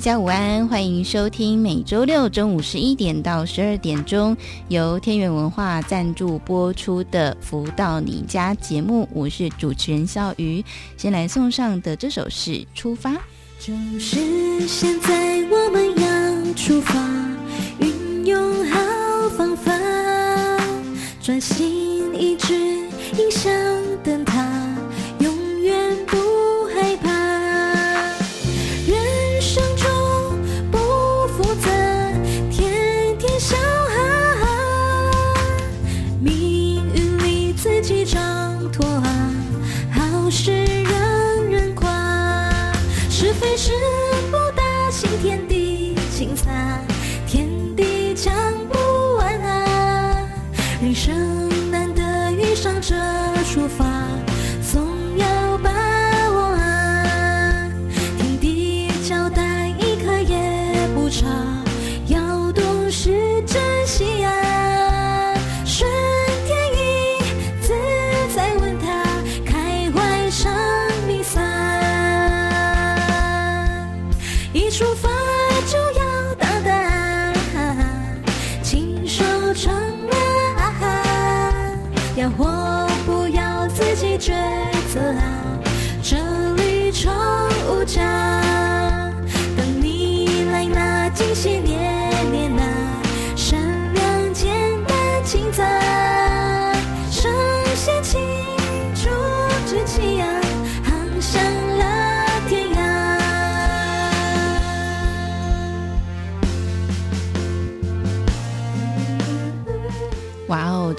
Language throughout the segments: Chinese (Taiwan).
大家午安，歡迎收聽每週六中午十一點到十二點鐘由天元文化贊助播出的《福到你家》節目，我是主持人肖魚。先來送上的這首是《出發》，就是現在我們要出發，運用好方法，專心一致影響。追。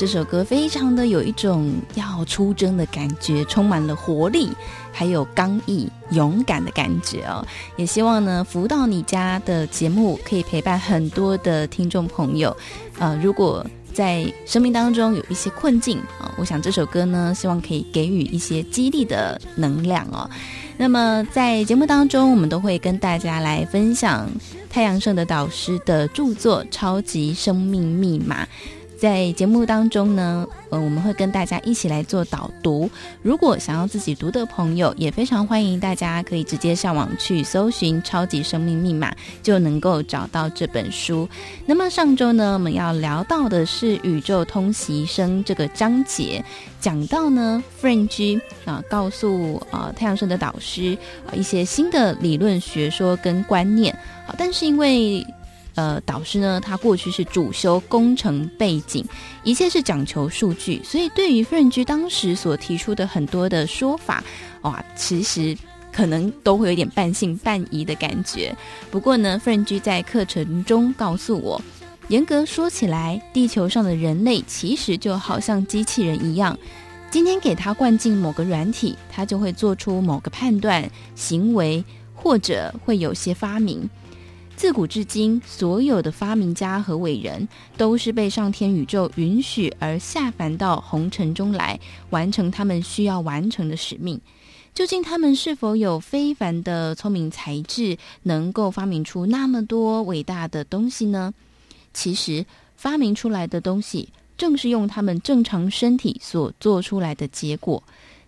這首歌非常的有一種要出征的感覺，充滿了活力，還有剛毅、勇敢的感覺哦。也希望呢，福到你家的節目可以陪伴很多的聽眾朋友。呃，如果在生命當中有一些困境啊、哦，我想這首歌呢，希望可以給予一些激勵的能量哦。那麼在節目當中，我們都會跟大家來分享太陽盛德導師的著作《超級生命密碼》。在節目當中呢，呃，我們會跟大家一起來做導讀。如果想要自己讀的朋友，也非常歡迎大家可以直接上網去搜尋《超級生命密碼》，就能夠找到這本書。那麼上周呢，我們要聊到的是宇宙通習生這個章節，講到呢 Fringe、呃、啊，告訴啊、呃、太陽盛德的導師啊、呃、一些新的理論學說跟觀念。好、呃，但是因為呃，導師呢，他過去是主修工程背景，一切是講求數據，所以對於富人居當時所提出的很多的說法，哇，其實可能都會有點半信半疑的感覺。不過呢，富人居在課程中告訴我，嚴格說起來，地球上的人類其實就好像機器人一樣，今天給他灌進某個軟體，他就會做出某個判斷、行為，或者會有些發明。自古至今，所有的發明家和偉人都是被上天宇宙允許而下凡到紅塵中來，完成他們需要完成的使命。究竟他們是否有非凡的聰明才智，能夠發明出那麼多偉大的東西呢？其實，發明出來的東西正是用他們正常身體所做出來的結果。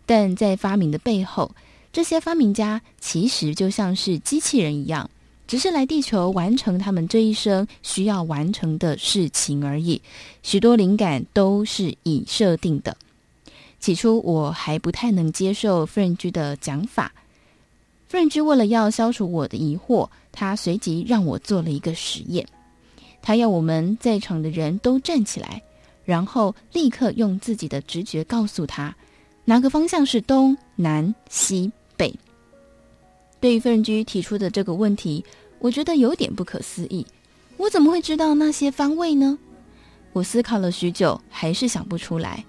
但在發明的背後，這些發明家其實就像是機器人一樣。只是來地球完成他們這一生需要完成的事情而已。許多靈感都是已設定的。起初我還不太能接受富人居的講法。富人居為了要消除我的疑惑，他隨即讓我做了一個實驗。他要我們在場的人都站起來，然後立刻用自己的直覺告訴他哪個方向是東南西北。對於富人居提出的這個問題，我覺得有點不可思議，我怎麼會知道那些方位呢？我思考了許久，還是想不出來。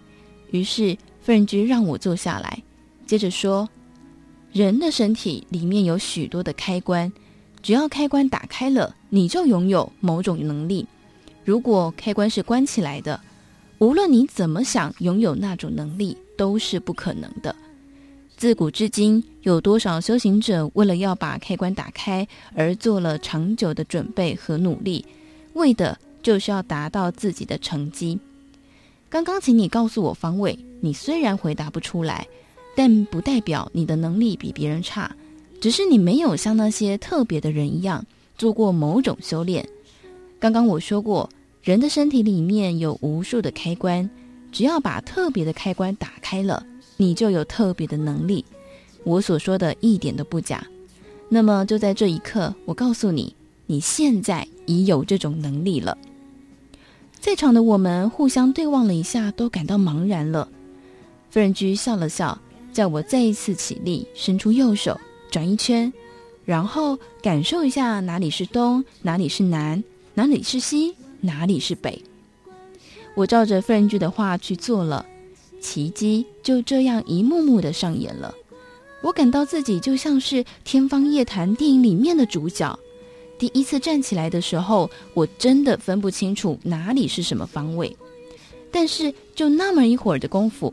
於是夫人君讓我坐下來，接着說：“人的身體裡面有許多的開關，只要開關打開了，你就擁有某種能力；如果開關是關起來的，無論你怎麼想擁有那種能力，都是不可能的。”自古至今，有多少修行者為了要把開關打開而做了長久的準備和努力，為的就是要達到自己的成績。剛剛，請你告訴我方位。你雖然回答不出來，但不代表你的能力比別人差，只是你沒有像那些特別的人一樣做過某種修煉。剛剛我說過，人的身體裡面有無數的開關，只要把特別的開關打開了，你就有特別的能力，我所說的一點都不假。那麼就在這一刻，我告訴你，你現在已有這種能力了。在場的我們互相對望了一下，都感到茫然了。夫人居笑了笑，叫我再一次起立，伸出右手，轉一圈，然後感受一下哪裡是東，哪裡是南，哪裡是西，哪裡是北。我照着夫人居的話去做了。奇蹟就這樣一幕幕的上演了，我感到自己就像是天方夜譚電影裡面的主角。第一次站起來的時候，我真的分不清楚哪裡是什麼方位。但是就那麼一會兒的功夫，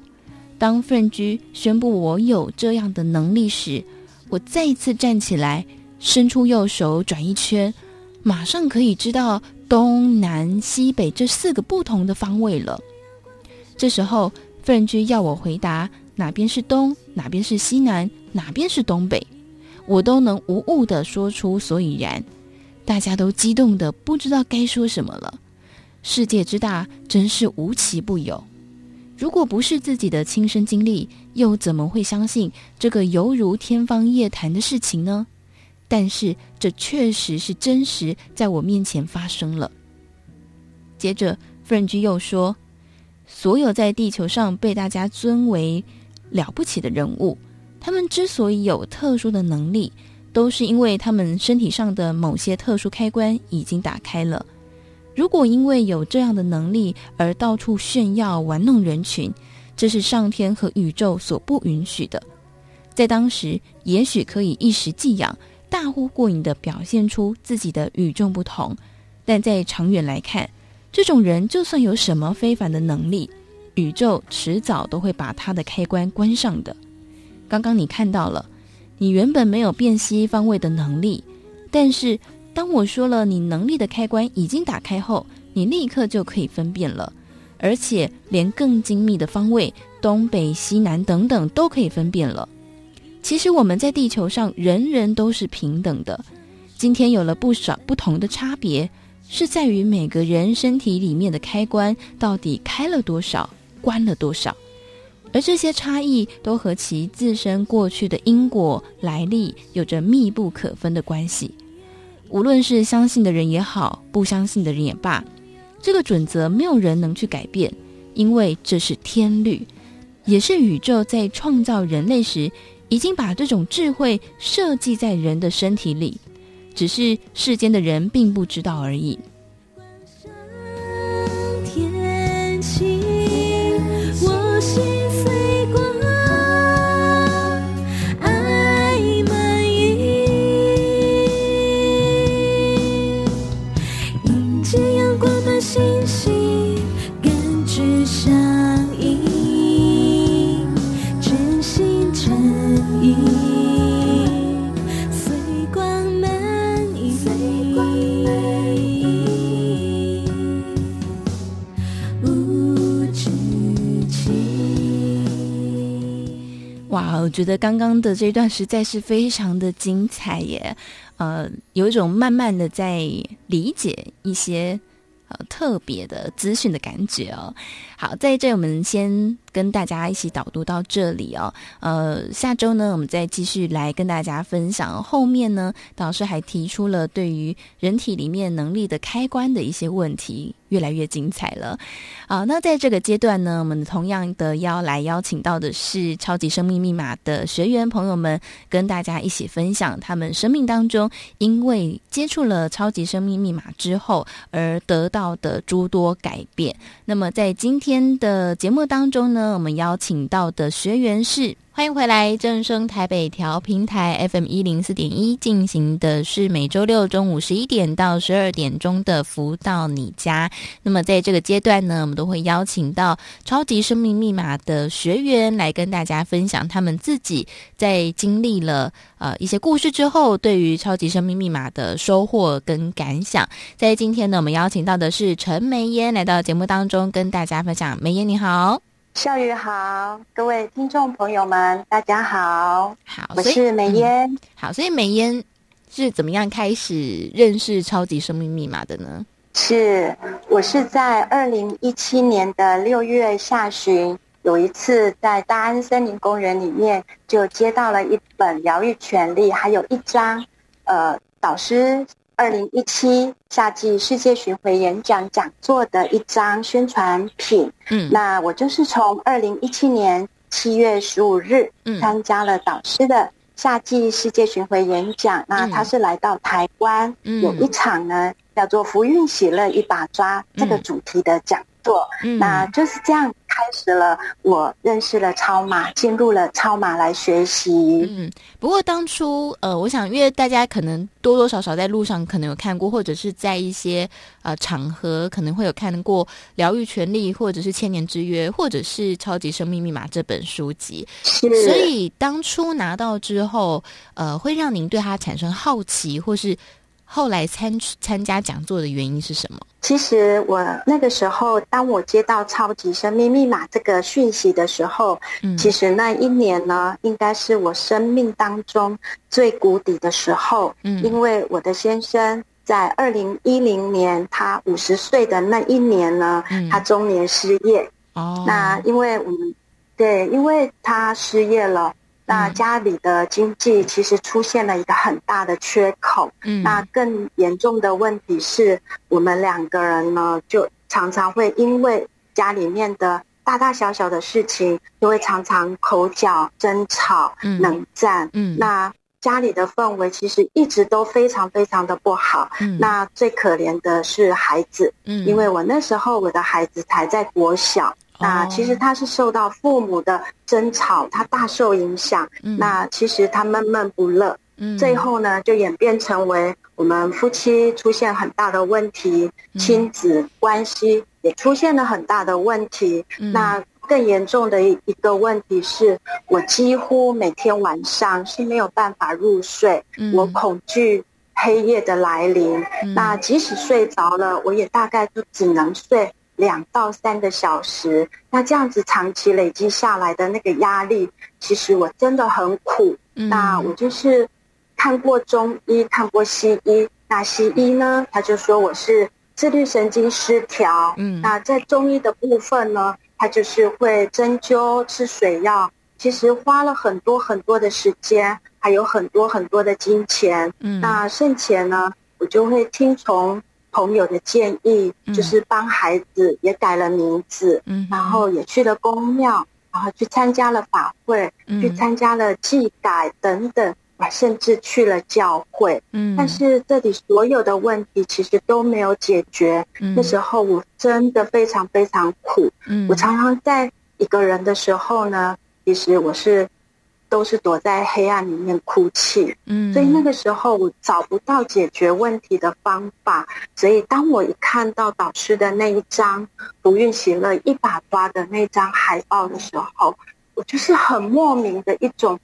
當富人居宣布我有這樣的能力時，我再一次站起來，伸出右手轉一圈，馬上可以知道東南西北這四個不同的方位了。這時候。夫人居要我回答哪邊是東，哪邊是西南，哪邊是東北，我都能無誤地說出所以然。大家都激動得不知道該說什麼了。世界之大，真是無奇不有。如果不是自己的親身經歷，又怎麼會相信這個猶如天方夜譚的事情呢？但是這確實是真實，在我面前發生了。接着，夫人居又說。所有在地球上被大家尊為了不起的人物，他們之所以有特殊的能力，都是因為他們身體上的某些特殊開關已經打開了。如果因為有這樣的能力而到處炫耀、玩弄人群，這是上天和宇宙所不允許的。在當時，也許可以一時技癢、大呼過癮地表現出自己的與眾不同，但在長遠來看，這種人就算有什麼非凡的能力，宇宙遲早都會把他的開關關上的。剛剛你看到了，你原本沒有辨析方位的能力，但是當我說了你能力的開關已經打開後，你立刻就可以分辨了，而且連更精密的方位，東北西南等等都可以分辨了。其實我們在地球上人人都是平等的，今天有了不少不同的差別。是在於每個人身體裡面的開關到底開了多少，關了多少，而這些差異都和其自身過去的因果來歷有着密不可分的關係。無論是相信的人也好，不相信的人也罷，這個準則沒有人能去改變，因為這是天律，也是宇宙在創造人類時已經把這種智慧設計在人的身體裡。只是世間的人並不知道而已。哇，我覺得剛剛的這一段實在是非常的精彩耶，呃，有一種慢慢的在理解一些，呃，特別的資訊的感覺哦。好，在這我們先跟大家一起導讀到這裡哦。呃，下周呢，我們再繼續來跟大家分享。後面呢，導師還提出了對於人體裡面能力的開關的一些問題，越來越精彩了。啊、呃，那在這個階段呢，我們同樣的要來邀請到的是超級生命密碼的學員朋友們，跟大家一起分享他們生命當中因為接觸了超級生命密碼之後而得到的諸多改變。那麼在今天。今天的節目當中呢，我們邀請到的學員是。歡迎回來，正聲台北調頻台 FM 一零四點一進行的是每週六中午十一點到十二點鐘的《福到你家》。那麼，在這個階段呢，我們都會邀請到《超級生命密碼》的學員來跟大家分享他們自己在經歷了呃一些故事之後，對於《超級生命密碼》的收穫跟感想。在今天呢，我們邀請到的是陳梅嫣來到節目當中，跟大家分享。梅嫣，你好。笑宇好，各位聽眾朋友們，大家好，好，我是美嫣。嗯，好，所以美嫣是怎麼樣開始認識超級生命密碼的呢？是，我是在二零一七年的六月下旬，有一次在大安森林公園裡面，就接到了一本療癒權利，還有一張呃導師。二零一七夏季世界巡迴演講講座的一張宣傳品，嗯，那我就是從二零一七年七月十五日，嗯，參加了導師的夏季世界巡迴演講，嗯，那他是來到台灣，嗯，有一場呢叫做“福運喜樂一把抓”這個主題的講座，嗯，那就是這樣。開始了，我認識了超馬，進入了超馬來學習。嗯，不過當初呃，我想，因為大家可能多多少少在路上可能有看過，或者是在一些呃場合可能會有看過《療癒權力》或者是《千年之約》，或者是《超級生命密碼》這本書籍。是。所以當初拿到之後，呃，會讓您對它產生好奇，或是。後來參參加講座的原因是什麼？其實我那個時候，當我接到《超級生命密碼》這個訊息的時候，嗯，其實那一年呢，應該是我生命當中最谷底的時候。嗯，因為我的先生在二零一零年，他五十歲的那一年呢，嗯，他中年失業。哦，那因為我們，對，因為他失業了。那家裡的經濟其實出現了一個很大的缺口，嗯，那更嚴重的問題是我們兩個人呢，就常常會因為家裡面的大大小小的事情，就會常常口角、爭吵、冷戰，嗯，嗯，那家裡的氛圍其實一直都非常非常的不好，嗯，那最可憐的是孩子，嗯，因為我那時候我的孩子才在國小。那其實他是受到父母的爭吵，他大受影響。嗯、那其實他悶悶不樂，嗯、最後呢就演變成為我們夫妻出現很大的問題，嗯、親子關係也出現了很大的問題。嗯、那更嚴重的一個問題是我幾乎每天晚上是沒有辦法入睡，嗯、我恐懼黑夜的來臨。嗯、那即使睡着了，我也大概就只能睡。兩到三個小時，那這樣子長期累積下來的那個壓力，其實我真的很苦。嗯，那我就是看過中醫，看過西醫。那西醫呢，他就說我是自律神經失調。嗯，那在中醫的部分呢，他就是會針灸、吃水藥。其實花了很多很多的時間，還有很多很多的金錢。嗯，那剩錢呢，我就會聽從。朋友的建議就是幫孩子也改了名字，嗯、然後也去了宮廟，然後去參加了法會，嗯、去參加了祭改等等，甚至去了教會。嗯、但是這裡所有的問題其實都沒有解決。嗯、那時候我真的非常非常苦。嗯、我常常在一個人的時候呢，其實我是。都是躲在黑暗裡面哭泣，嗯，所以那個時候我找不到解決問題的方法，所以當我一看到導師的那一張“福運喜樂一把抓”的那張海報的時候，我就是很莫名的一種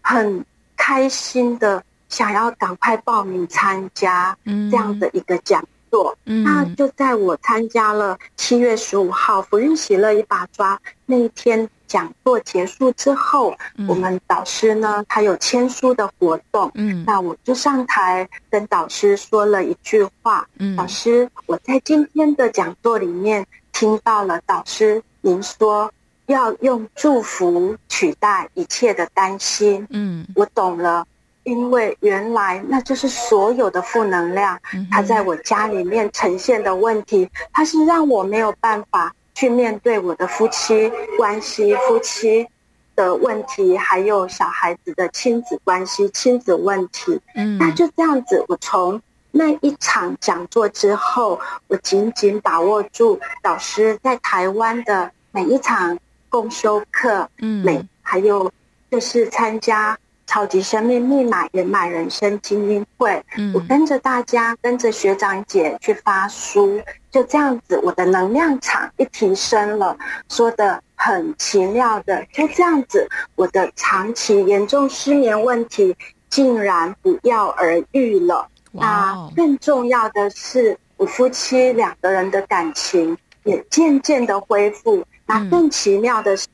很開心的想要趕快報名參加這樣的一個講座。嗯，那就在我參加了七月十五號“福運喜樂一把抓”那一天。講座結束之後，嗯、我們導師呢，他有簽書的活動。嗯，那我就上台跟導師說了一句話。嗯，老師，我在今天的講座裡面聽到了導師您說要用祝福取代一切的擔心。嗯，我懂了，因為原來那就是所有的負能量，嗯、哼它在我家裡面呈現的問題，它是讓我沒有辦法。去面對我的夫妻關係、夫妻的問題，還有小孩子的親子關係、親子問題。嗯，那就這樣子。我從那一場講座之後，我緊緊把握住老師在台灣的每一場共修課。嗯，每還有就是參加。超級生命密碼圓滿人生精英會，嗯、我跟着大家，跟着學長姐去發書，就這樣子，我的能量場一提升了，說得很奇妙的，就這樣子，我的長期嚴重失眠問題竟然不藥而愈了。那 Wow、啊、更重要的是，我夫妻兩個人的感情也漸漸的恢復。那、嗯啊、更奇妙的是，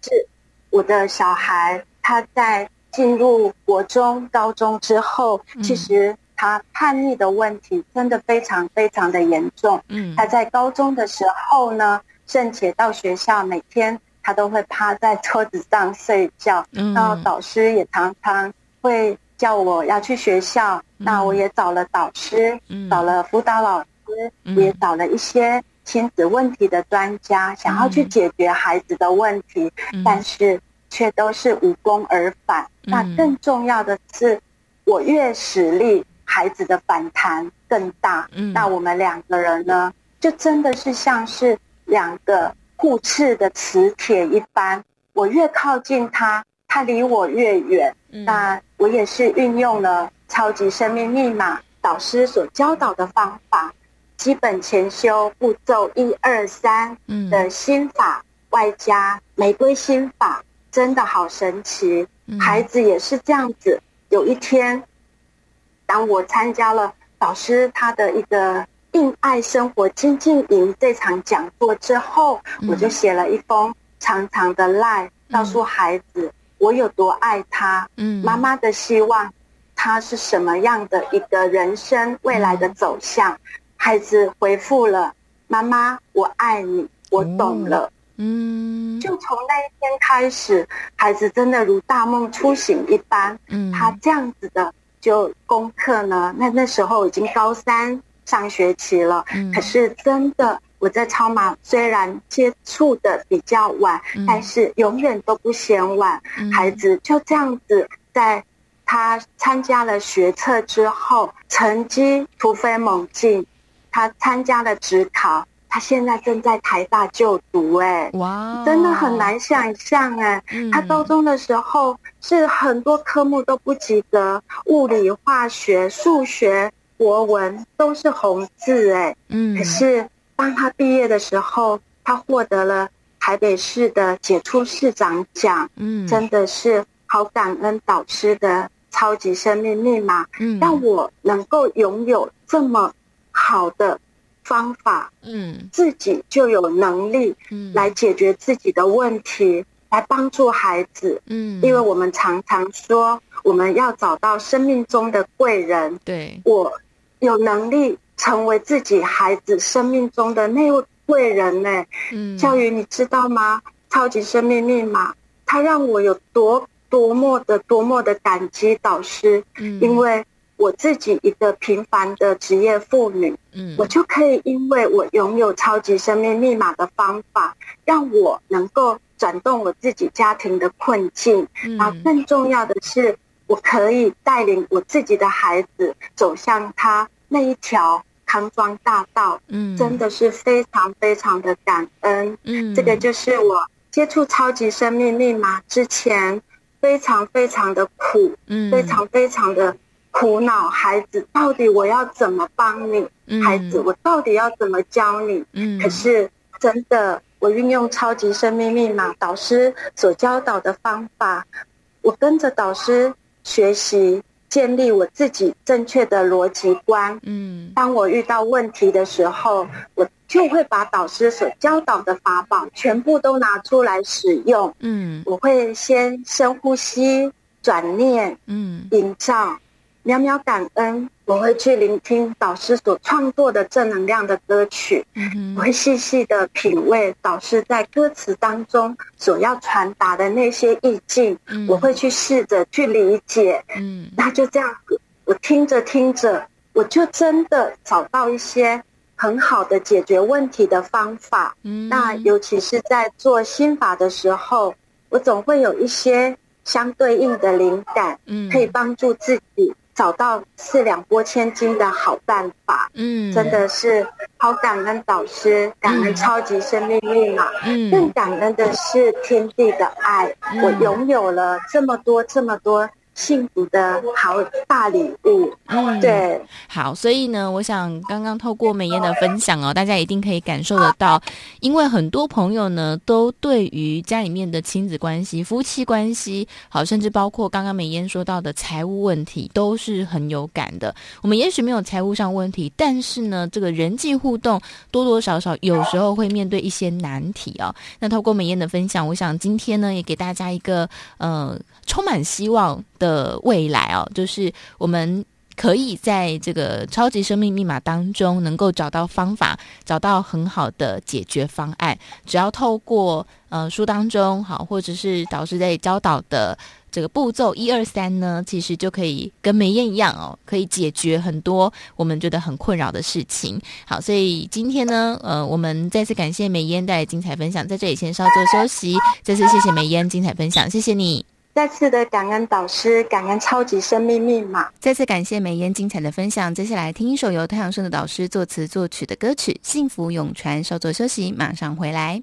我的小孩他在。進入國中、高中之後，嗯、其實他叛逆的問題真的非常非常的嚴重。嗯、他在高中的時候呢，甚至到學校每天他都會趴在桌子上睡覺。嗯，那導師也常常會叫我要去學校。嗯、那我也找了導師，嗯、找了輔導老師，嗯、也找了一些親子問題的專家，嗯、想要去解決孩子的問題，嗯、但是。卻都是無功而返。那更重要的是，我越使力，孩子的反彈更大。嗯、那我們兩個人呢，就真的是像是兩個互斥的磁鐵一般，我越靠近他，他離我越遠。嗯、那我也是運用了超級生命密碼導師所教導的方法，基本前修步驟一二三的心法，嗯、外加玫瑰心法。真的好神奇，孩子也是這樣子。嗯、有一天，當我參加了導師他的一個“硬愛生活精進營”這場講座之後，嗯、我就寫了一封長長的 line，告訴孩子我有多愛他。嗯，媽媽的希望，他是什麼樣的一個人生未來的走向？嗯、孩子回復了：“媽媽，我愛你，我懂了。嗯”嗯，就從那一天開始，孩子真的如大夢初醒一般。嗯，他這樣子的就功課呢，那那時候已經高三上學期了。嗯、可是真的，我在超馬雖然接觸的比較晚，嗯、但是永遠都不嫌晚。嗯、孩子就這樣子，在他參加了學測之後，成績突飛猛進。他參加了指考。他現在正在台大就讀，哎，哇，真的很難想象哎。嗯、他高中的時候是很多科目都不及格，物理、化學、數學、國文都是紅字，哎，嗯。可是當他畢業的時候，他獲得了台北市的傑出市長獎，嗯，真的是好感恩導師的超級生命密碼，嗯，讓我能夠擁有這麼好的方法，嗯，自己就有能力，嗯，來解決自己的問題，嗯，來幫助孩子，嗯，因為我們常常說，我們要找到生命中的貴人，對，我有能力成為自己孩子生命中的那位貴人呢？嗯，教育你知道嗎？超級生命密碼，它讓我有多多麼的多麼的感激導師，嗯，因為。我自己一個平凡的職業婦女，嗯，我就可以因為我擁有超級生命密碼的方法，讓我能夠轉動我自己家庭的困境，啊、嗯，然後更重要的是，我可以帶領我自己的孩子走向他那一條康莊大道，嗯，真的是非常非常的感恩，嗯，這個就是我接觸超級生命密碼之前非常非常的苦，嗯，非常非常的。苦惱，孩子，到底我要怎麼幫你？嗯，孩子，我到底要怎麼教你？嗯，可是真的，我運用超級生命密碼導師所教導的方法，我跟着導師學習，建立我自己正確的邏輯觀。嗯，當我遇到問題的時候，我就會把導師所教導的法寶全部都拿出來使用。嗯，我會先深呼吸，轉念，嗯，營造。渺渺感恩，我會去聆聽導師所創作的正能量的歌曲，mm hmm. 我會細細的品味導師在歌詞當中所要傳達的那些意境，mm hmm. 我會去試着去理解。Mm hmm. 那就這樣，我聽着聽着，我就真的找到一些很好的解決問題的方法。Mm hmm. 那尤其是在做心法的時候，我總會有一些相對應的靈感，mm hmm. 可以幫助自己。找到四兩撥千斤的好辦法，嗯，真的是好感恩導師，嗯、感恩超級生命力嘛、啊，嗯，更感恩的是天地的愛，嗯、我擁有了這麼多這麼多。幸福的好大禮物，嗯，oh my 對，好，所以呢，我想剛剛透過美艷的分享哦，大家一定可以感受得到，因為很多朋友呢，都對於家裡面的親子關係、夫妻關係，好，甚至包括剛剛美艷說到的財務問題，都是很有感的。我們也許沒有財務上問題，但是呢，這個人際互動多多少少有時候會面對一些難題哦。那透過美艷的分享，我想今天呢，也給大家一個嗯、呃，充滿希望的未來哦，就是我們可以在這個超級生命密碼當中，能夠找到方法，找到很好的解決方案。只要透過呃書當中好，或者是導師在教導的這個步驟一二三呢，其實就可以跟梅燕一樣哦，可以解決很多我們覺得很困擾的事情。好，所以今天呢，呃，我們再次感謝梅燕帶來精彩分享，在這裡先稍作休息。再次謝謝梅燕，精彩分享，謝謝你。再次的感恩導師，感恩超級生命密碼。再次感謝梅煙精彩的分享。接下來聽一首由太陽盛德導師作詞作曲的歌曲《幸福永傳》，稍作休息，馬上回來。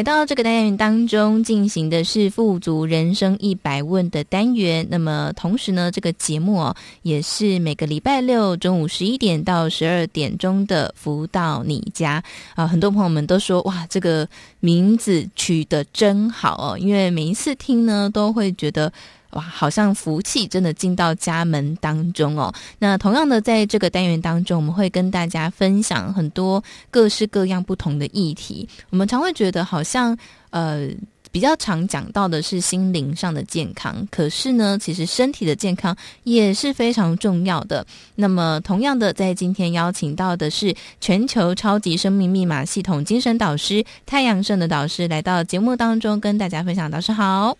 來到這個單元當中，進行的是富足人生一百問的單元。那麼，同時呢，這個節目、哦、也是每個禮拜六中午十一點到十二點鐘的福到你家啊、呃。很多朋友們都說，哇，這個名字取得真好哦，因為每一次聽呢，都會覺得。哇，好像福氣真的進到家門當中哦。那同樣的，在這個單元當中，我們會跟大家分享很多各式各樣不同的議題。我們常會覺得，好像呃比較常講到的是心靈上的健康，可是呢，其實身體的健康也是非常重要的。那麼，同樣的，在今天邀請到的是全球超級生命密碼系統精神導師太陽盛德導師，來到節目當中跟大家分享。導師好。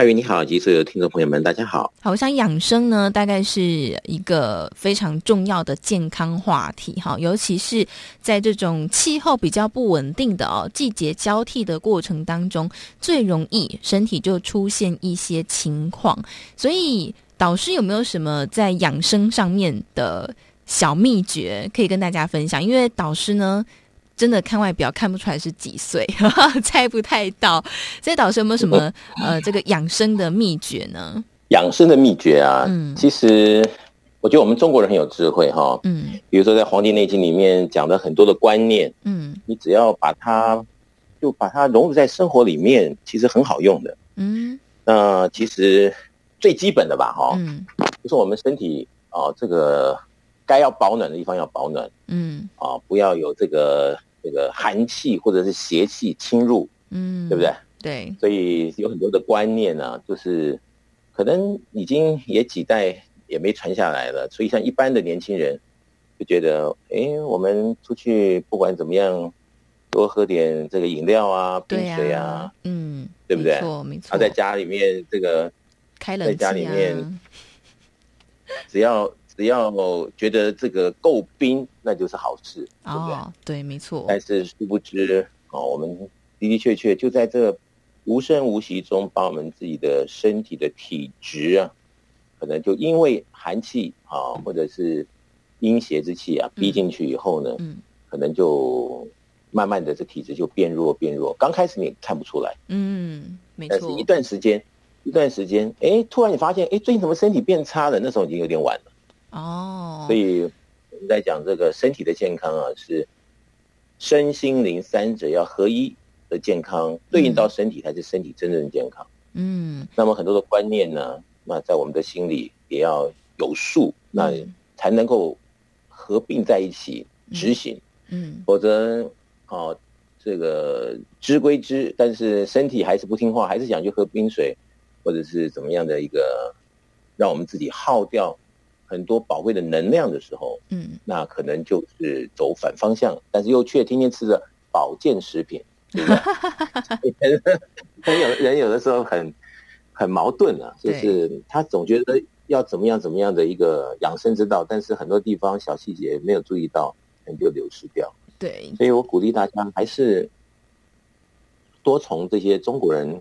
夏雨你好，及所有聽眾朋友們，大家好。好，我想養生呢，大概是一個非常重要的健康話題哈，尤其是在這種氣候比較不穩定的哦，季節交替的過程當中，最容易身體就出現一些情況。所以，導師有沒有什麼在養生上面的小秘訣可以跟大家分享？因為導師呢？真的看外表看不出來是幾歲哈哈，猜不太到。這些導師有沒有什麼、嗯、呃這個養生的秘訣呢？養生的秘訣啊，嗯，其實我覺得我們中國人很有智慧哈、哦，嗯，比如說在《黃帝內經》裡面講的很多的觀念，嗯，你只要把它就把它融入在生活裡面，其實很好用的，嗯。那、呃、其實最基本的吧、哦，哈，嗯，就是我們身體啊、呃，這個該要保暖的地方要保暖，嗯，啊、呃，不要有這個。這個寒氣，或者是邪氣侵入，嗯，對，對不對？對，所以有很多的觀念呢、啊，就是可能已經也幾代也沒傳下來了。所以像一般的年輕人就覺得，哎，我們出去不管怎麼樣，多喝點這個飲料啊，冰水啊，嗯、啊，對不對？他、嗯、在家裡面這個開冷氣、啊、在家裡面只要只要覺得這個夠冰，那就是好事，哦、對不對？對，沒錯。但是殊不知啊、哦，我們的的確確就在這無聲無息中，把我們自己的身體的體質啊，可能就因為寒氣啊，或者是陰邪之氣啊，嗯、逼進去以後呢，嗯，可能就慢慢的這體質就變弱變弱。剛開始你看不出來，嗯，沒錯。但是一段時間，一段時間，哎，突然你發現，哎，最近怎麼身體變差了？那時候已經有點晚了，哦，所以。我們在講這個身體的健康啊，是身心靈三者要合一的健康，對應到身體才是身體真正的健康。嗯，那麼很多的觀念呢，那在我們的心裡也要有數，那才能夠合併在一起執行。嗯，否則哦，啊，這個知歸知，但是身體還是不聽話，還是想去喝冰水，或者是怎麼樣的一個，讓我們自己耗掉很多寶貴的能量的時候，嗯，那可能就是走反方向，但是又卻天天吃着保健食品，對吧？ 人，人有的時候很很矛盾啊，就是他總覺得要怎麼樣怎麼樣的一個養生之道，對但是很多地方小細節沒有注意到，人就流失掉。對，所以我鼓勵大家還是多從這些中國人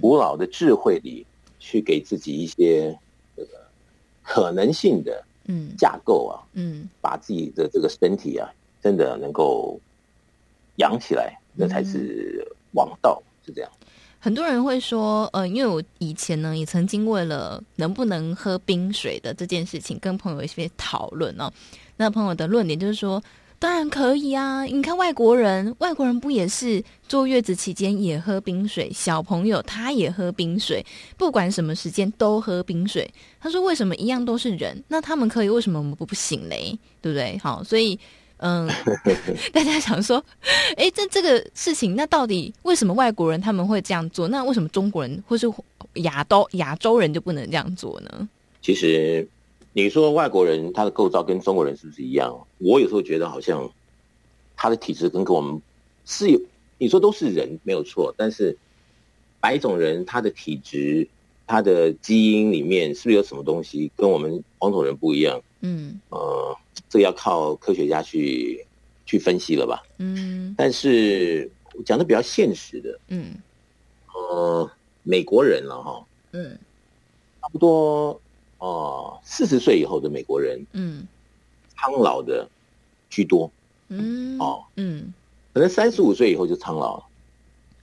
古老的智慧裡去給自己一些。嗯。可能性的嗯架構啊，嗯，把自己的這個身體啊，嗯、真的能夠養起來，那、嗯、才是王道，是這樣。很多人會說，呃，因為我以前呢，也曾經為了能不能喝冰水的這件事情，跟朋友一些討論哦。那朋友的論點就是說，當然可以啊！你看外國人，外國人不也是坐月子期間也喝冰水？小朋友他也喝冰水，不管什麼時間都喝冰水。他說：“為什麼一樣都是人，那他們可以，為什麼我們不行嘞？對不對？”好，所以嗯，呃、 大家想說，哎、欸，這這個事情，那到底為什麼外國人他們會這樣做？那為什麼中國人或是亞都亞洲人就不能這樣做呢？其實。你說外國人他的構造跟中國人是不是一樣？我有時候覺得好像他的體質跟跟我們是有，你說都是人沒有錯，但是白種人他的體質、他的基因裡面是不是有什麼東西跟我們黃種人不一樣？嗯，呃，這要靠科學家去去分析了吧。嗯，但是我講的比較現實的，嗯，呃，美國人了啊哈，嗯，差不多。哦，四十歲以後的美國人，嗯，蒼老的居多，嗯，哦，嗯，可能三十五歲以後就蒼老了，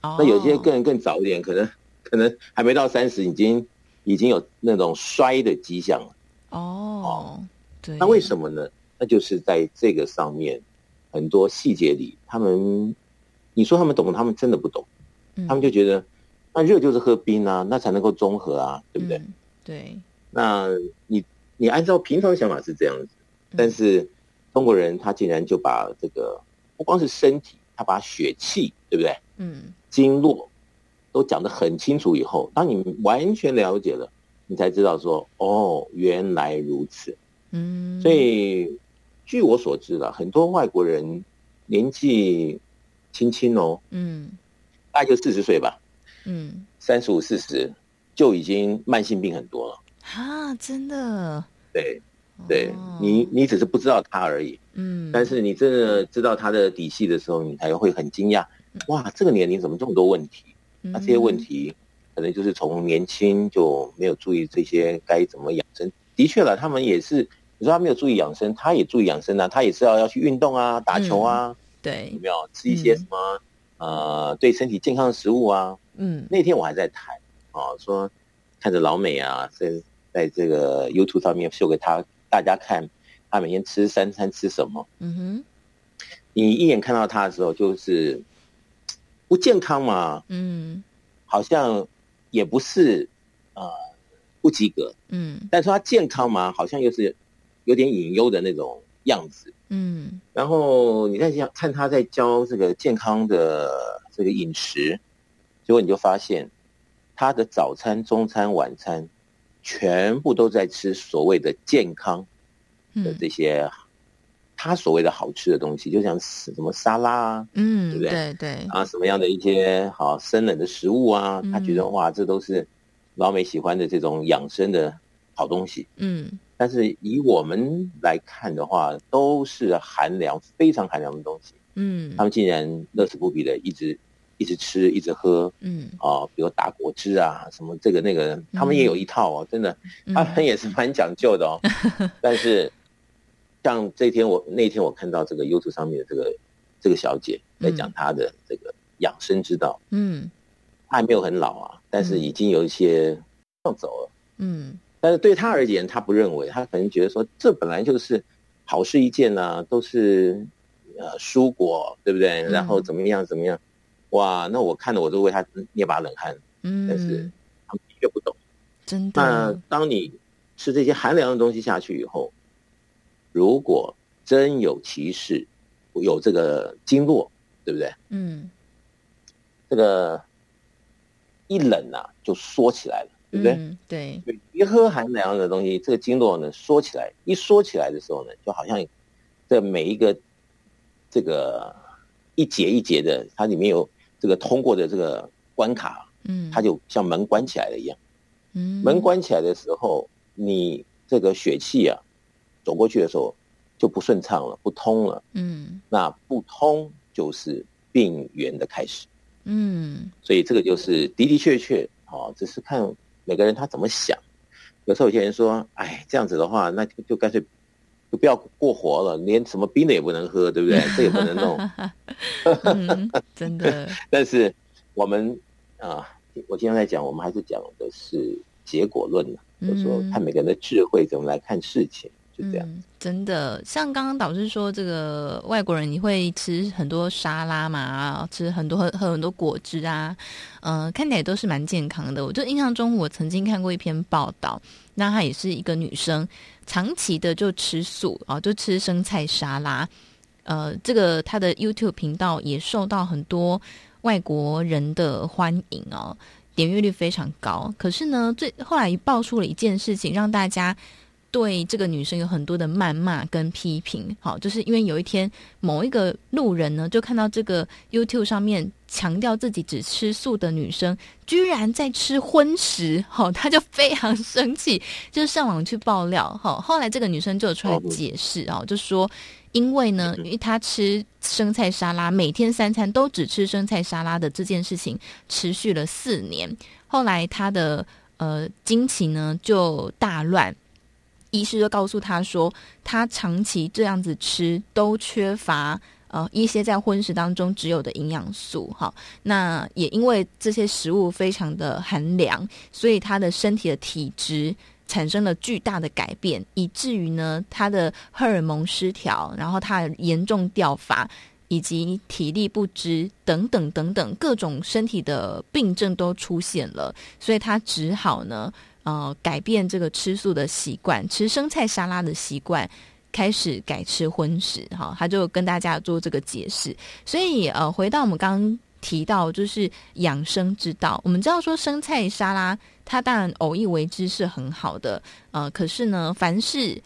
哦，那有些更更早一點，可能可能還沒到三十，已經已經有那種衰的跡象了，哦，哦，對，那為什麼呢？那就是在這個上面很多細節裡，他們你說他們懂，他們真的不懂，嗯，他們就覺得那熱就是喝冰啊，那才能夠中和啊，對不對？嗯，對。那你你按照平常的想法是這樣子，嗯、但是中國人他竟然就把這個不光是身體，他把血氣對不對？嗯，經絡都講得很清楚以後，當你完全了解了，你才知道說哦，原來如此。嗯，所以據我所知的很多外國人年紀輕輕哦，嗯，大概就四十歲吧，嗯，三十五四十就已經慢性病很多了。啊，真的，對，對、哦、你，你只是不知道他而已，嗯，但是你真的知道他的底細的時候，你才會很驚訝，嗯、哇，這個年齡怎麼這麼多問題？那、嗯啊、這些問題，可能就是從年輕就沒有注意這些該怎麼養生。的確了，他們也是，你說他沒有注意養生，他也注意養生啊，他也是要要去運動啊，打球啊，嗯、對，有沒有吃一些什麼、嗯、呃對身體健康的食物啊？嗯，那天我還在談啊，說看着老美啊這。在這個 YouTube 上面秀給他大家看，他每天吃三餐吃什麼？嗯哼、mm，hmm. 你一眼看到他的時候，就是不健康嘛？嗯、mm，hmm. 好像也不是啊，呃，不及格。嗯、mm，hmm. 但是說他健康嘛，好像又是有點隱憂的那種樣子。嗯、mm，hmm. 然後你看一下，看他在教這個健康的這個飲食，結果你就發現他的早餐、中餐、晚餐。全部都在吃所謂的健康的這些，他所謂的好吃的東西，嗯、就像什麼沙拉啊，嗯，對不對？對對啊，然後什麼樣的一些好生，啊、冷的食物啊，嗯、他覺得哇，這都是老美喜歡的這種養生的好東西。嗯，但是以我們來看的話，都是寒涼、非常寒涼的東西。嗯，他們竟然樂此不疲的一直。一直吃，一直喝，嗯啊，比如打果汁啊，什麼這個那個，他們也有一套哦，真的，他們也是蠻講究的哦。嗯、但是，像這天我那天我看到這個 YouTube 上面的這個這個小姐在講她的這個養生之道，嗯，她還沒有很老啊，但是已經有一些要走了，嗯，但是對她而言，她不認為，她可能覺得說這本來就是好事一件啊，都是呃蔬果，對不對？然後怎麼樣怎麼樣。哇，那我看着我都為他捏把冷汗，嗯、但是他們卻不懂，真的。那當你吃這些寒涼的東西下去以後，如果真有其事，有這個經絡，對不對？嗯，這個一冷吶、啊、就縮起來了，對不對？嗯、對，一喝寒涼的東西，這個經絡呢縮起來，一縮起來的時候呢，就好像這每一個這個一節一節的，它裡面有。這個通過的這個關卡，嗯，它就像門關起來了一樣，嗯，門關起來的時候，你這個血氣啊，走過去的時候就不順暢了，不通了，嗯，那不通就是病源的開始，嗯，所以這個就是的的確確，只是看每個人他怎麼想，有時候有些人說，哎，這樣子的話，那就就乾脆。就不要過活了，連什麼冰的也不能喝，對不對？這也不能弄。真的。但是我們啊，我經常在講，我們還是講的是結果論呢、啊，嗯、就是說看每個人的智慧怎麼來看事情，就這樣、嗯。真的，像剛剛導師說，這個外國人你會吃很多沙拉嘛，吃很多喝很多果汁啊，嗯、呃，看起來都是蠻健康的。我就印象中，我曾經看過一篇報道。那她也是一個女生，長期的就吃素啊，哦，就吃生菜沙拉，呃，這個她的 YouTube 頻道也受到很多外國人的歡迎哦，點閱率非常高。可是呢，最後來爆出了一件事情，讓大家。對這個女生有很多的謾罵跟批評，好，就是因為有一天某一個路人呢，就看到這個 YouTube 上面強調自己只吃素的女生，居然在吃葷食，好，他就非常生氣，就上網去爆料，後來這個女生就出來解釋哦，就說因為呢，因為她吃生菜沙拉，每天三餐都只吃生菜沙拉的這件事情持續了四年，後來她的呃經期，呢就大亂。醫師就告訴他說，他長期這樣子吃，都缺乏呃一些在葷食當中只有的營養素。哈，那也因為這些食物非常的寒涼，所以他的身體的體質產生了巨大的改變，以至於呢，他的荷爾蒙失調，然後他嚴重掉髮，以及體力不支等等等等各種身體的病症都出現了，所以他只好呢。呃，改變這個吃素的習慣，吃生菜沙拉的習慣，開始改吃葷食。哈、哦，他就跟大家做這個解釋。所以，呃，回到我們剛提到，就是養生之道。我們知道說，生菜沙拉它當然偶一為之是很好的，呃，可是呢，凡事。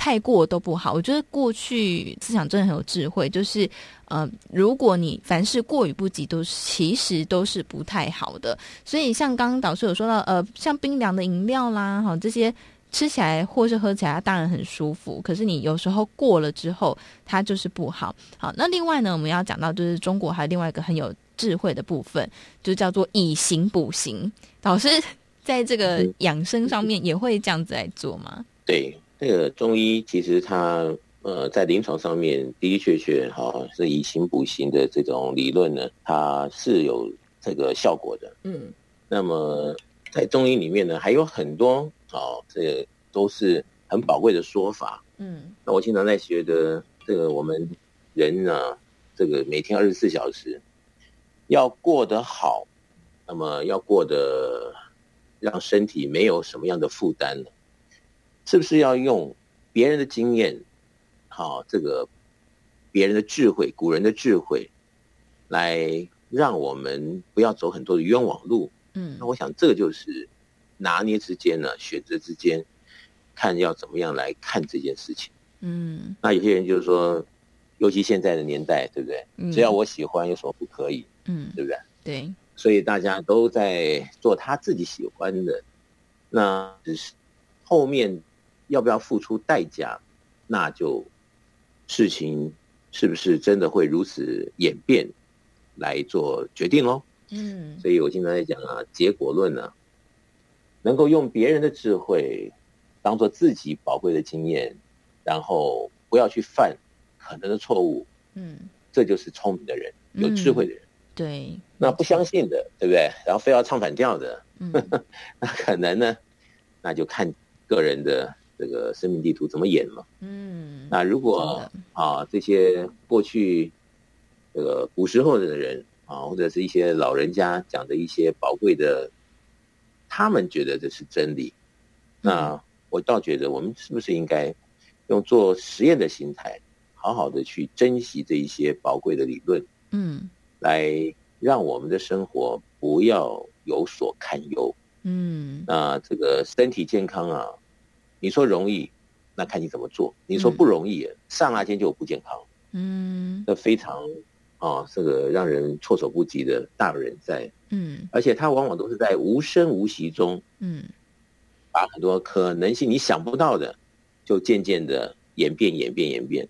太過都不好，我覺得過去思想真的很有智慧，就是呃，如果你凡事過與不及都，都其實都是不太好的。所以像剛剛導師有說到，呃，像冰涼的飲料啦，哈，這些吃起來或是喝起來當然很舒服，可是你有時候過了之後，它就是不好。好，那另外呢，我們要講到就是中國還有另外一個很有智慧的部分，就叫做以形補形。導師在這個養生上面也會這樣子來做嗎？對。這個中醫其實它呃在臨床上面的的確確哈是以形補形的這種理論呢，它是有這個效果的。嗯，那麼在中醫裡面呢，還有很多哦，這個都是很寶貴的說法。嗯，那我經常在覺得，這個我們人啊，這個每天二十四小時要過得好，那麼要過得讓身體沒有什麼樣的負擔呢？是不是要用別人的經驗，好、哦、這個別人的智慧，古人的智慧，來讓我們不要走很多的冤枉路？嗯，那我想這個就是拿捏之間呢，選擇之間，看要怎麼樣來看這件事情。嗯，那有些人就是說，尤其現在的年代，對不對？嗯、只要我喜歡，有什麼不可以？嗯，對不對？對、嗯，所以大家都在做他自己喜歡的，那只是後面。要不要付出代價？那就事情是不是真的會如此演變來做決定嘍？嗯，所以我經常在講啊，結果論呢、啊，能夠用別人的智慧當做自己寶貴的經驗，然後不要去犯可能的錯誤。嗯，這就是聰明的人，有智慧的人。嗯、對，那不相信的，沒錯。對不對？然後非要唱反調的、嗯呵呵，那可能呢？那就看個人的。這個生命地圖怎麼演嘛？嗯，那如果、嗯、啊，這些過去這個古時候的人啊，或者是一些老人家講的一些寶貴的，他們覺得這是真理。嗯、那我倒覺得，我們是不是應該用做實驗的心態，好好的去珍惜這一些寶貴的理論？嗯，來讓我們的生活不要有所堪憂。嗯，那這個身體健康啊。你說容易，那看你怎麼做。你說不容易，嗯、剎那間就不健康。嗯，那非常啊，這個讓人措手不及的大有人在，嗯，而且他往往都是在無聲無息中，嗯，把很多可能性你想不到的，就漸漸的演變、演變、演變，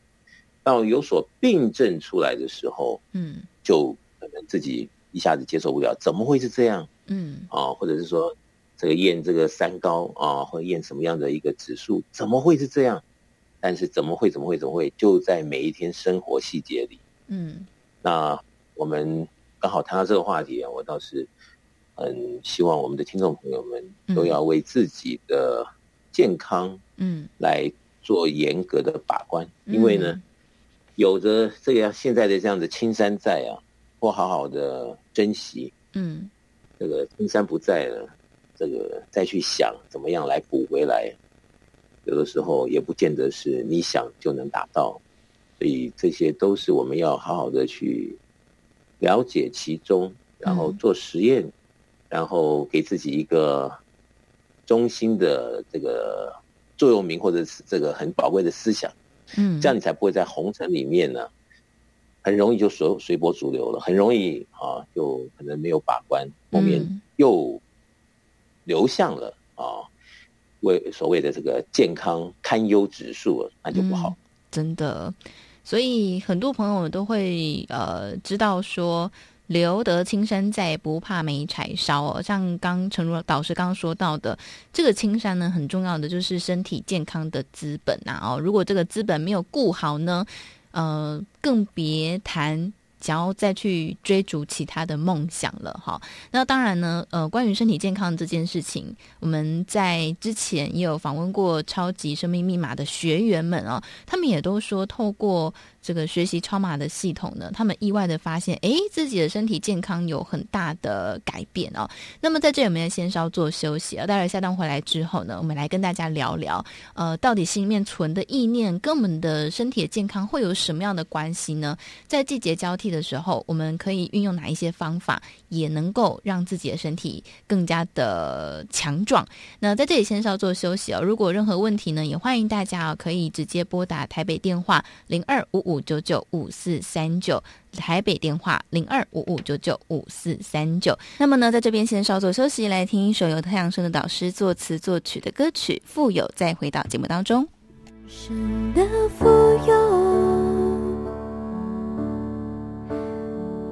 到有所病症出來的時候，嗯，就可能自己一下子接受不了，怎麼會是這樣？嗯，啊，或者是說。這個驗這個三高啊，或者驗什麼樣的一個指數，怎麼會是這樣？但是怎麼會怎麼會怎麼會？就在每一天生活細節裡，嗯，那我們剛好談到這個話題啊，我倒是很希望我們的聽眾朋友們都要為自己的健康，嗯，來做嚴格的把關，嗯、因為呢，有着這個現在的這樣的青山在啊，不好好的珍惜，嗯，這個青山不在了。這個再去想怎麼樣來補回來，有的時候也不見得是你想就能達到，所以這些都是我們要好好的去了解其中，然後做實驗，嗯、然後給自己一個中心的這個座右銘或者是這個很寶貴的思想，嗯，這樣你才不會在紅塵裡面呢，很容易就隨隨波逐流了，很容易啊，就可能沒有把關，後面又、嗯。流向了啊、哦，為所謂的這個健康堪憂指數，那就不好、嗯。真的，所以很多朋友都會呃知道說，留得青山在，不怕沒柴燒、哦。像剛陳如導師剛剛說到的，這個青山呢，很重要的就是身體健康的資本吶、啊、哦。如果這個資本沒有顧好呢，呃，更別談。想要再去追逐其他的夢想了哈，那當然呢，呃，關於身體健康這件事情，我們在之前也有訪問過超級生命密碼的學員們啊，他們也都說透過。這個學習超碼的系統呢，他們意外的發現，誒，自己的身體健康有很大的改變哦。那麼在這裡，我們要先稍作休息，啊，待會兒下段回來之後呢，我們來跟大家聊聊，呃，到底心裡面存的意念跟我們的身體的健康會有什麼樣的關係呢？在季節交替的時候，我們可以運用哪一些方法？也能夠讓自己的身體更加的強壯。那在這裡先稍作休息哦。如果有任何問題呢，也歡迎大家啊、哦、可以直接撥打台北電話零二五五九九五四三九。台北電話零二五五九九五四三九。那麼呢，在這邊先稍作休息，來聽一首由太陽盛德導師作詞作曲的歌曲《富有》，再回到節目當中。神的富有，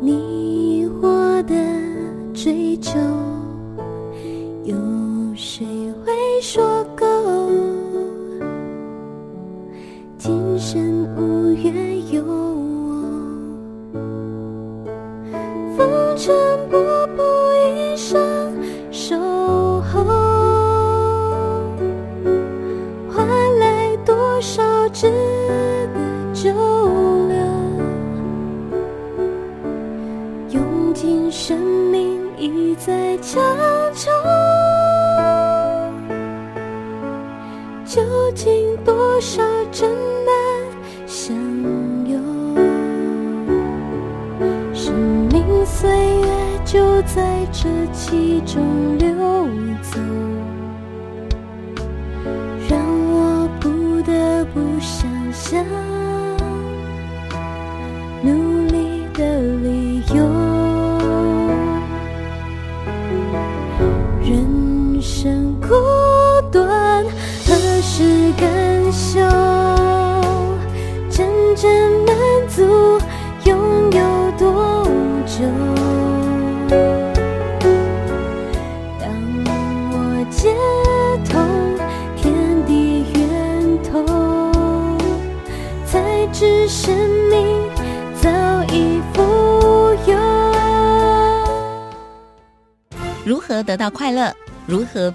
你。我的追求，有誰會說夠？今生無怨尤。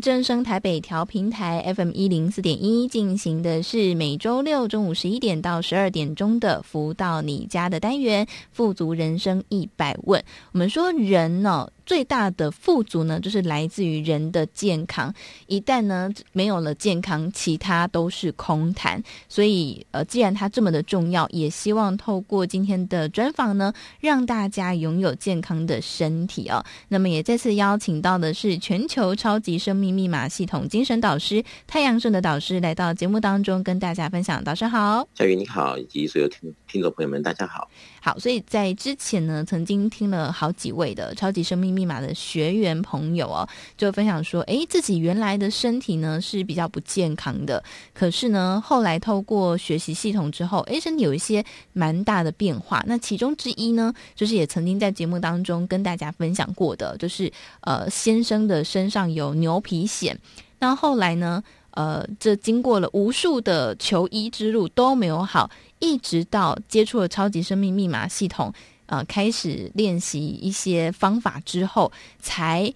正聲台北調頻台 FM 一零四點一，進行的是每周六中午十一點到十二點鐘的《福到你家》的單元，《富足人生一百問》。我們說人呢、哦。最大的富足呢，就是來自於人的健康。一旦呢沒有了健康，其他都是空談。所以呃，既然它這麼的重要，也希望透過今天的專訪呢，讓大家擁有健康的身體哦，那麼也再次邀請到的是全球超級生命密碼系統精神導師太陽盛德導師來到節目當中，跟大家分享。導師好。小雨你好，以及所有聽聽眾朋友們，大家好。好，所以在之前呢，曾經聽了好幾位的《超級生命密碼》的學員朋友哦，就分享說，誒，自己原來的身體呢是比較不健康的，可是呢，後來透過學習系統之後，誒，身體有一些蠻大的變化。那其中之一呢，就是也曾經在節目當中跟大家分享過的，就是呃，先生的身上有牛皮癬，那後來呢？呃，這經過了無數的求醫之路都沒有好，一直到接觸了超級生命密碼系統，啊、呃，開始練習一些方法之後，才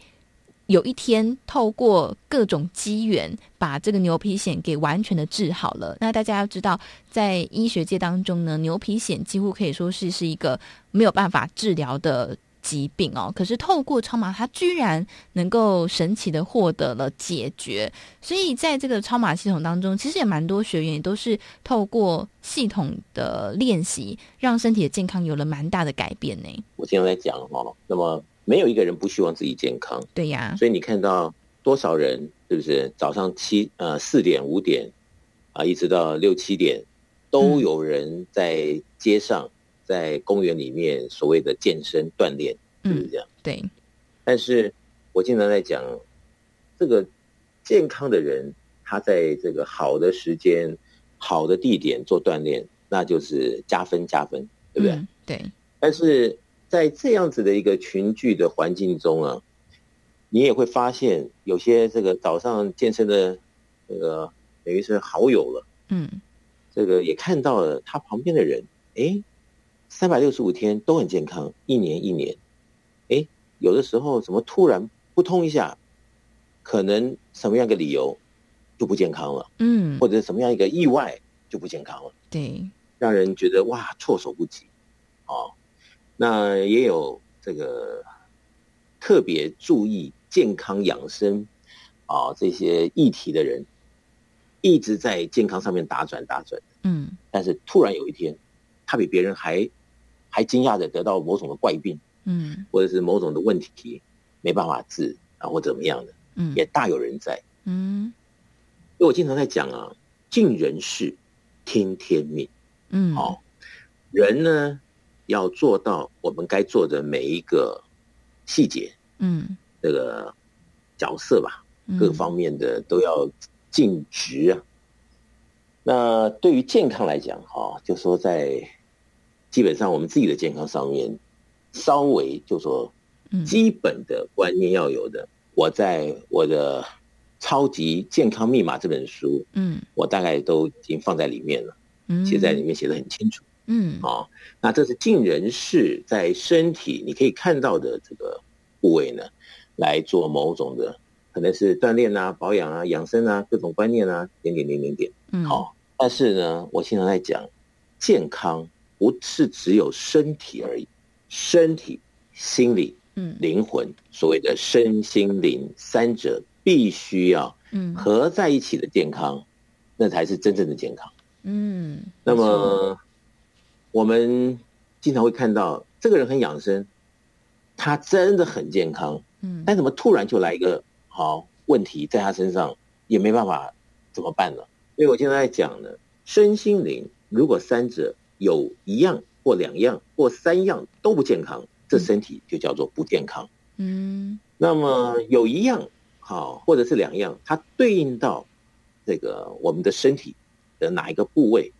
有一天透過各種機緣，把這個牛皮癬給完全的治好了。那大家要知道，在醫學界當中呢，牛皮癬幾乎可以說是是一個沒有辦法治療的。疾病哦，可是透過超馬，他居然能夠神奇的獲得了解決。所以在這個超馬系統當中，其實也蠻多學員也都是透過系統的練習，讓身體的健康有了蠻大的改變呢。我經常在講哈，那麼沒有一個人不希望自己健康，對呀、啊。所以你看到多少人，是、就、不是早上七呃四點五點啊、呃，一直到六七點，都有人在街上。嗯在公園裡面所謂的健身鍛煉就是這樣。嗯、對，但是我經常在講，這個健康的人，他在這個好的時間、好的地點做鍛煉，那就是加分加分，對不對？嗯、對。但是在這樣子的一個群聚的環境中啊，你也會發現有些這個早上健身的這個等於是好友了，嗯，這個也看到了他旁邊的人，哎、欸。三百六十五天都很健康，一年一年，哎，有的時候怎麼突然撲通一下，可能什麼樣個理由就不健康了，嗯，或者什麼樣一個意外就不健康了，對，讓人覺得哇，措手不及哦。那也有這個特別注意健康養生啊、哦、這些議題的人，一直在健康上面打轉打轉，嗯，但是突然有一天，他比別人還還驚訝着得到某種的怪病，嗯，或者是某種的問題沒辦法治啊，或怎麼樣的，嗯，也大有人在，嗯。因為我經常在講啊，盡人事，聽天，天命，嗯，好、哦，人呢要做到我們該做的每一個細節，嗯，這個角色吧，各方面的都要盡職啊。嗯、那對於健康來講，哈、哦，就說在。基本上，我們自己的健康上面，稍微就是說基本的觀念要有的，我在我的《超級健康密碼》這本書，嗯，我大概都已經放在裡面了，嗯，寫在裡面寫得很清楚，嗯，啊，那這是盡人事，在身體你可以看到的這個部位呢，來做某種的，可能是鍛煉啊、保養啊、養生啊、各種觀念啊，點點點點點，嗯，好，但是呢，我經常在講健康。不是只有身體而已，身體、心理、靈魂，所謂的身心靈三者必須要合在一起的健康，那才是真正的健康。嗯，那麼我們經常會看到，這個人很養生，他真的很健康，但怎麼突然就來一個好問題，在他身上也沒辦法怎麼辦了，所以我經常在講呢，身心靈如果三者。有一樣或兩樣或三樣都不健康，嗯、這身體就叫做不健康。嗯，那麼有一樣好、哦，或者是兩樣，它對應到這個我們的身體的哪一個部位，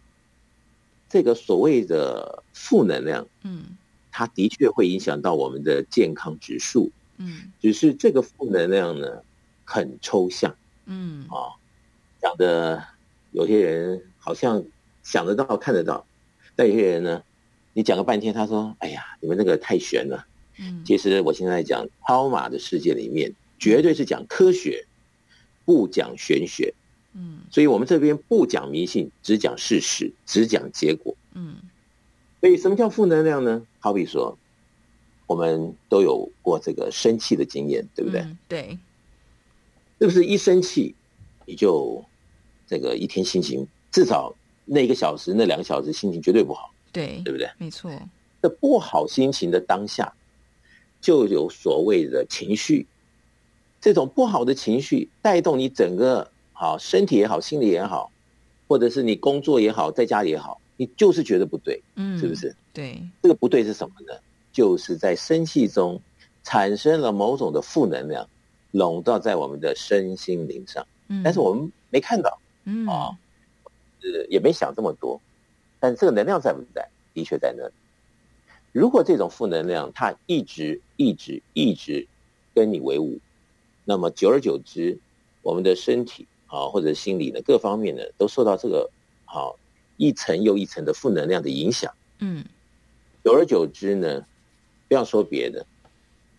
這個所謂的負能量，嗯，它的確會影響到我們的健康指數。嗯，只是這個負能量呢，很抽象。嗯，啊、哦，講的有些人好像想得到看得到。但有些人呢，你講個半天，他說：“哎呀，你們那個太玄了。”嗯，其實我現在講超馬的世界裡面，絕對是講科學，不講玄學。嗯，所以我們這邊不講迷信，只講事實，只講結果。嗯，所以什麼叫負能量呢？好比說，我們都有過這個生氣的經驗，對不對？嗯、對，是不是一生氣你就這個一天心情至少？那一個小時，那兩個小時，心情絕對不好。對，對不對？沒錯。對這不好心情的當下，就有所謂的情緒。這種不好的情緒帶動你整個好、哦、身體也好，心理也好，或者是你工作也好，在家裡也好，你就是覺得不對。嗯，是不是？對。這個不對是什麼呢？就是在生氣中產生了某種的負能量，籠罩在我們的身心靈上。嗯。但是我們沒看到。嗯。啊、哦。呃，也沒想這麼多，但是這個能量在不在？的確在那。如果這種負能量它一直、一直、一直跟你為伍，那麼久而久之，我們的身體啊、哦，或者心理呢，各方面呢，都受到這個好、哦、一層又一層的負能量的影響。嗯，久而久之呢，不要說別的，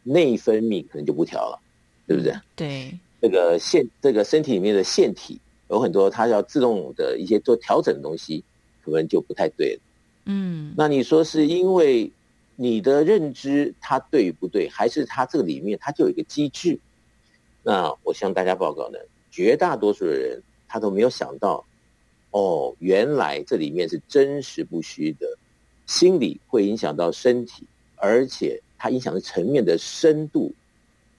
內分泌可能就不調了，對不對？對，這個腺，這個身體裡面的腺體。有很多它要自動的一些做調整的東西，可能就不太對了。嗯，那你說是因為你的認知它對與不對，還是它這個裡面它就有一個機製？那我向大家報告呢，絕大多數的人他都沒有想到，哦，原來這裡面是真實不虛的，心理會影響到身體，而且它影響的層面的深度，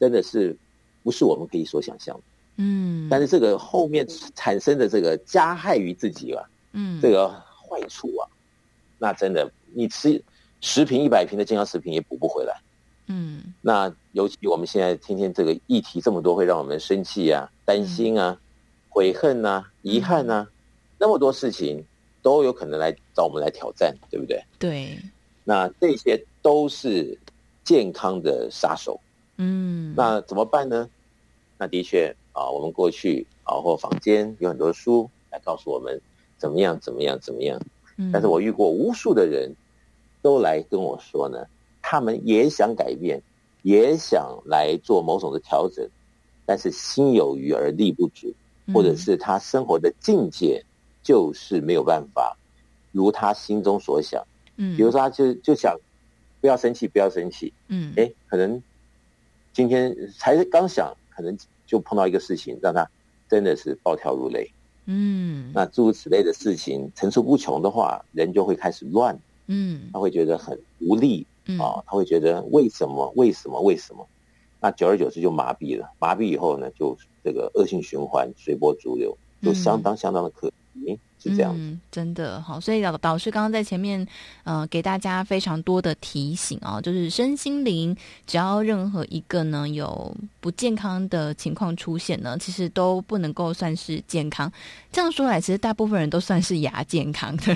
真的是不是我們可以所想象的。嗯，但是這個後面產生的這個加害於自己啊，嗯，這個壞處啊，嗯、那真的，你吃十瓶一百瓶的健康食品也補不回來。嗯，那尤其我們現在天天這個議題這麼多，會讓我們生氣啊、嗯、擔心啊、悔恨啊、嗯、遺憾啊，那麼多事情都有可能來找我們來挑戰，對不對？對。那這些都是健康的殺手。嗯，那怎麼辦呢？那的確。啊，我們過去啊，或坊間有很多書來告訴我們怎麼，怎麼樣，怎麼樣，怎麼樣。但是我遇過無數的人都來跟我說呢，他們也想改變，也想來做某種的調整，但是心有餘而力不足，嗯、或者是他生活的境界就是沒有辦法如他心中所想。嗯。比如說，他就就想不要生氣，不要生氣。嗯。哎，可能今天才剛想，可能。就碰到一個事情，讓他真的是暴跳如雷。嗯，那諸如此類的事情層出不窮的話，人就會開始亂。嗯，他會覺得很無力。嗯、啊，他會覺得為什麼？為什麼？為什麼？那久而久之就麻痹了，麻痹以後呢，就這個惡性循環，隨波逐流，就相當相當的可疑。嗯，嗯。是這樣，嗯，真的好。所以導導師剛剛在前面，呃，給大家非常多的提醒啊、哦，就是身心靈，只要任何一個呢有不健康的情況出現呢，其實都不能夠算是健康。這樣說來，其實大部分人都算是亞健康，對？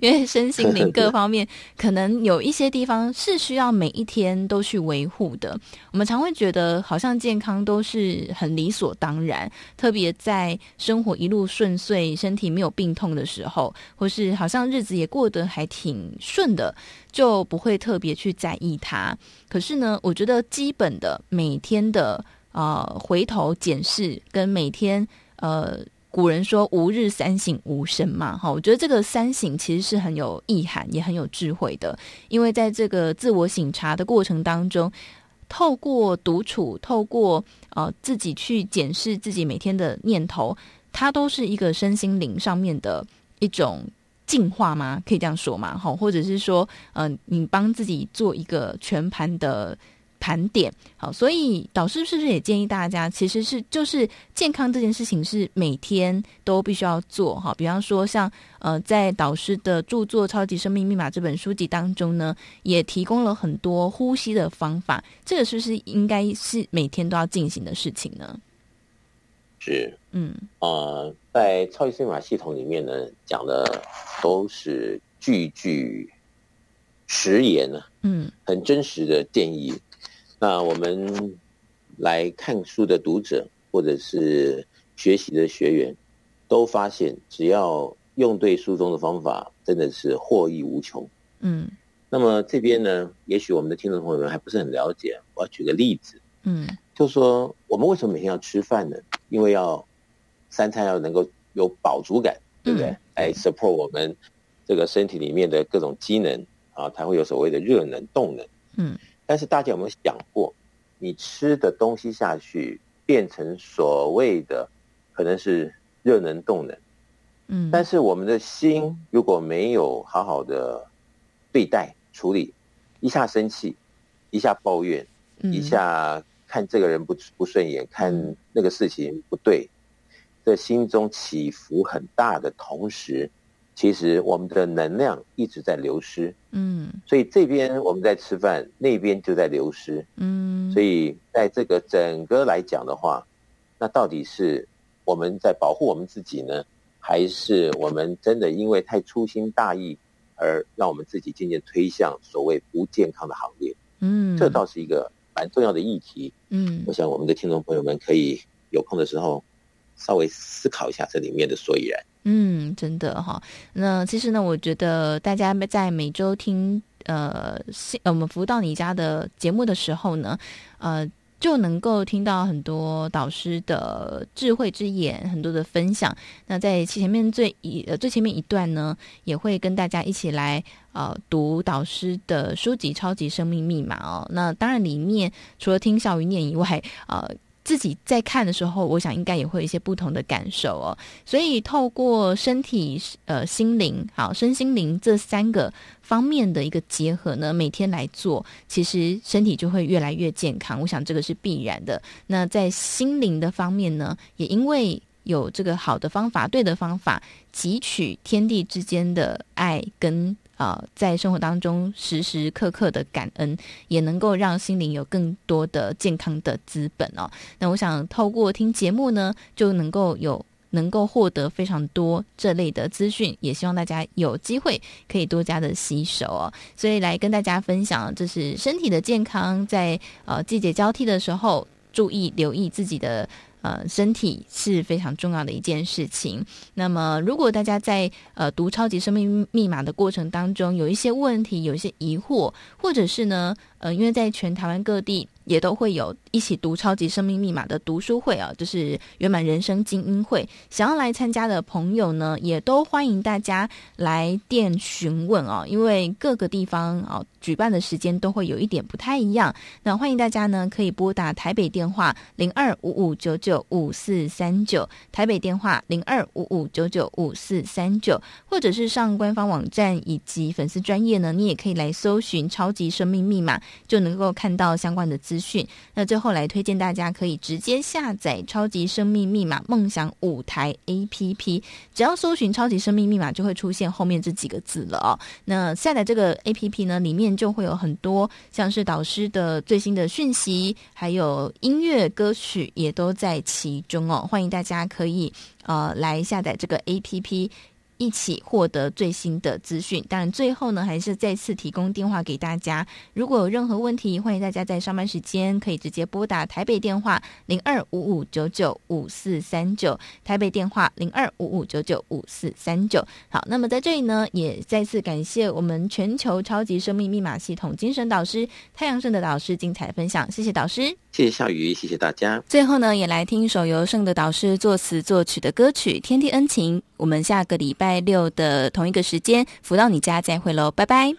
因為身心靈各方面，可能有一些地方是需要每一天都去維護的。 對我們常會覺得好像健康都是很理所當然，特別在生活一路順遂，身體沒有。病痛的時候，或是好像日子也過得還挺順的，就不會特別去在意它。可是呢，我覺得基本的每天的呃回頭檢視，跟每天呃古人說“吾日三省吾身”嘛，哈，我覺得這個三省其實是很有意涵，也很有智慧的。因為在這個自我省察的過程當中，透過獨處，透過呃自己去檢視自己每天的念頭。它都是一個身心靈上面的一種進化嗎？可以這樣說嗎？好，或者是說，嗯、呃，你幫自己做一個全盤的盤點，好，所以導師是不是也建議大家，其實是就是健康這件事情是每天都必須要做，哈。比方說像，像呃，在導師的著作《超級生命密碼》這本書籍當中呢，也提供了很多呼吸的方法，這個是不是應該是每天都要進行的事情呢？是，嗯，啊、呃，在超級密碼系統裡面呢，講的都是句句實言呢、啊，嗯，很真實的建議。那我們來看書的讀者或者是學習的學員，都發現只要用對書中的方法，真的是獲益無窮，嗯。那麼這邊呢，也許我們的聽眾朋友們還不是很了解，我要舉個例子，嗯，就說我們為什麼每天要吃飯呢？因為要三餐要能夠有飽足感，對不對？嗯、來 support 我們這個身體裡面的各種機能啊，才會有所謂的熱能、動能。嗯。但是大家有沒有想過，你吃的東西下去變成所謂的可能是熱能、動能，嗯。但是我們的心如果沒有好好的對待、處理，一下生氣，一下抱怨，一下。看這個人不不順眼，看那個事情不對，在心中起伏很大的同時，其實我們的能量一直在流失。嗯，所以這邊我們在吃飯，那邊就在流失。嗯，所以在這個整個來講的話，那到底是我們在保護我們自己呢？還是我們真的因為太粗心大意而讓我們自己漸漸推向所謂不健康的行列？嗯，這倒是一個。蠻重要的議題，嗯，我想我們的聽眾朋友們可以有空的時候稍微思考一下這裡面的所以然。嗯，真的哈、哦。那其實呢，我覺得大家在每周聽呃，我們服務到你家的節目的時候呢，呃。就能夠聽到很多導師的智慧之眼，很多的分享。那在前面最一呃最前面一段呢，也會跟大家一起來呃讀導師的書籍《超級生命密碼》哦。那當然，裡面除了聽小魚念以外，呃。自己在看的時候，我想應該也會有一些不同的感受哦。所以透過身體、呃，心靈，好，身心靈這三個方面的一個結合呢，每天來做，其實身體就會越來越健康。我想這個是必然的。那在心靈的方面呢，也因為有這個好的方法、對的方法，汲取天地之間的愛跟。啊、呃，在生活當中時時刻刻的感恩，也能夠讓心靈有更多的健康的資本哦。那我想透過聽節目呢，就能夠有能夠獲得非常多這類的資訊，也希望大家有機會可以多加的吸收哦。所以來跟大家分享，就是身體的健康，在呃季節交替的時候，注意留意自己的。呃，身體是非常重要的一件事情。那麼，如果大家在呃讀《超級生命密碼》的過程當中，有一些問題、有一些疑惑，或者是呢，呃，因為在全台灣各地也都會有。一起讀《超級生命密碼》的讀書會啊，就是圓滿人生精英會。想要來參加的朋友呢，也都歡迎大家來電詢問哦、啊，因為各個地方啊，舉辦的時間都會有一點不太一樣。那歡迎大家呢，可以撥打台北電話零二五五九九五四三九，台北電話零二五五九九五四三九，或者是上官方網站以及粉絲專頁呢，你也可以來搜尋《超級生命密碼》，就能夠看到相關的資訊。那最後。後來推薦大家可以直接下載《超級生命密碼夢想舞台》APP，只要搜尋“超級生命密碼”就會出現後面這幾個字了哦。那下載這個 APP 呢，裡面就會有很多像是導師的最新的訊息，還有音樂歌曲也都在其中哦。歡迎大家可以呃來下載這個 APP。一起獲得最新的資訊。當然，最後呢，還是再次提供電話給大家。如果有任何問題，歡迎大家在上班時間可以直接撥打台北電話零二五五九九五四三九。台北電話零二五五九九五四三九。好，那麼在這裡呢，也再次感謝我們全球超級生命密碼系統精神導師太陽盛德導師精彩的分享。謝謝導師，謝謝小魚，謝謝大家。最後呢，也來聽一首由盛德導師作詞作曲的歌曲《天地恩情》。我們下個禮拜。拜六的同一個時間，福到你家再會嘍，拜拜。